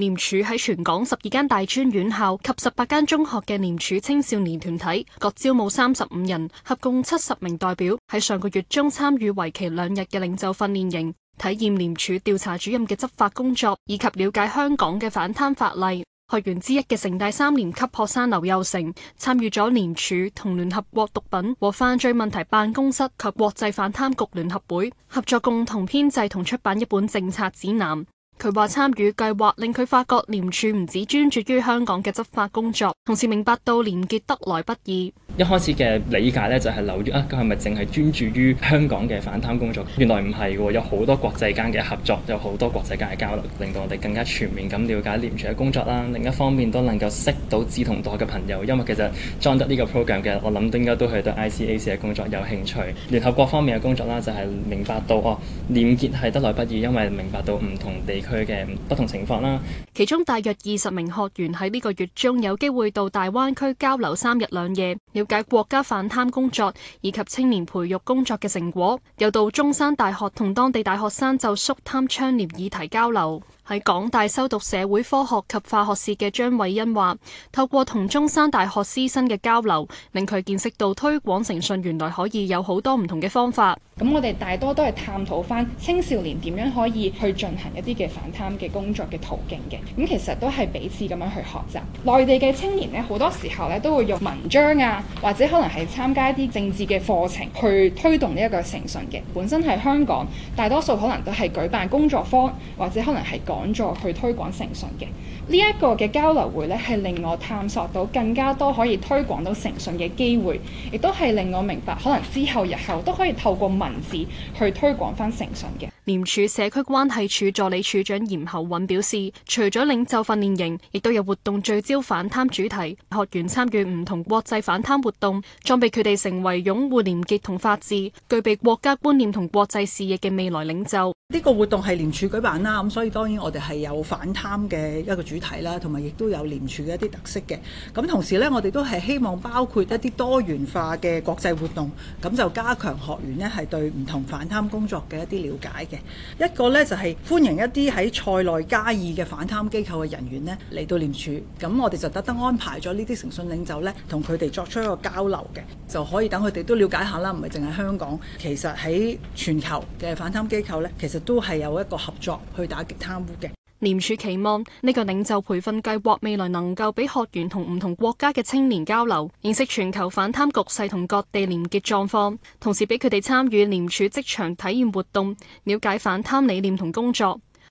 廉署喺全港十二間大專院校及十八間中學嘅廉署青少年團體各招募三十五人，合共七十名代表喺上個月中參與為期兩日嘅領袖訓練營，體驗廉署調查主任嘅執法工作，以及了解香港嘅反貪法例。學員之一嘅城大三年級學生劉佑成參與咗廉署同聯合國毒品和犯罪問題辦公室及國際反貪局聯合會合作，共同編制同出版一本政策指南。佢話參與計劃令佢發覺廉署唔止專注於香港嘅執法工作，同時明白到廉潔得來不易。一開始嘅理解咧，就係、是、留於啊，佢係咪淨係專注於香港嘅反貪工作？原來唔係嘅，有好多國際間嘅合作，有好多國際間嘅交流，令到我哋更加全面咁了解廉署嘅工作啦。另一方面都能夠識到志同道嘅朋友，因為其實 join 得呢個 program 嘅，我諗都應該都係對 ICAC 嘅工作有興趣。聯合國方面嘅工作啦，就係明白到哦，廉潔係得來不易，因為明白到唔同地區嘅不同情況啦。其中大約二十名學員喺呢個月中有機會到大灣區交流三日兩夜。解國家反貪工作以及青年培育工作嘅成果，又到中山大學同當地大學生就肅貪倡廉議題交流。喺港大修讀社會科學及化學士嘅張偉欣話，透過同中山大學師生嘅交流，令佢見識到推廣誠信原來可以有好多唔同嘅方法。咁、嗯、我哋大多都係探討翻青少年點樣可以去進行一啲嘅反貪嘅工作嘅途徑嘅。咁、嗯、其實都係彼此咁樣去學習。內地嘅青年呢，好多時候咧都會用文章啊，或者可能係參加一啲政治嘅課程去推動呢一個誠信嘅。本身喺香港，大多數可能都係舉辦工作坊，或者可能係講。講座去推廣誠信嘅呢一個嘅交流會咧，係令我探索到更加多可以推廣到誠信嘅機會，亦都係令我明白可能之後日後都可以透過文字去推廣翻誠信嘅。廉署社區關係處助理處長嚴厚韻表示，除咗領袖訓練營，亦都有活動聚焦反貪主題，學員參與唔同國際反貪活動，裝備佢哋成為擁護廉潔同法治、具備國家觀念同國際視野嘅未來領袖。呢個活動係廉署舉辦啦，咁所以當然我哋係有反貪嘅一個主題啦，同埋亦都有廉署嘅一啲特色嘅。咁同時呢，我哋都係希望包括一啲多元化嘅國際活動，咁就加強學員呢係對唔同反貪工作嘅一啲了解嘅。一個呢就係歡迎一啲喺賽內加爾嘅反貪機構嘅人員呢嚟到廉署，咁我哋就特登安排咗呢啲誠信領袖呢同佢哋作出一個交流嘅，就可以等佢哋都了解下啦，唔係淨係香港，其實喺全球嘅反貪機構呢。其實。都係有一個合作去打擊貪污嘅。廉署期望呢個領袖培訓計劃未來能夠俾學員同唔同國家嘅青年交流，認識全球反貪局勢同各地廉潔狀況，同時俾佢哋參與廉署職場體驗活動，了解反貪理念同工作。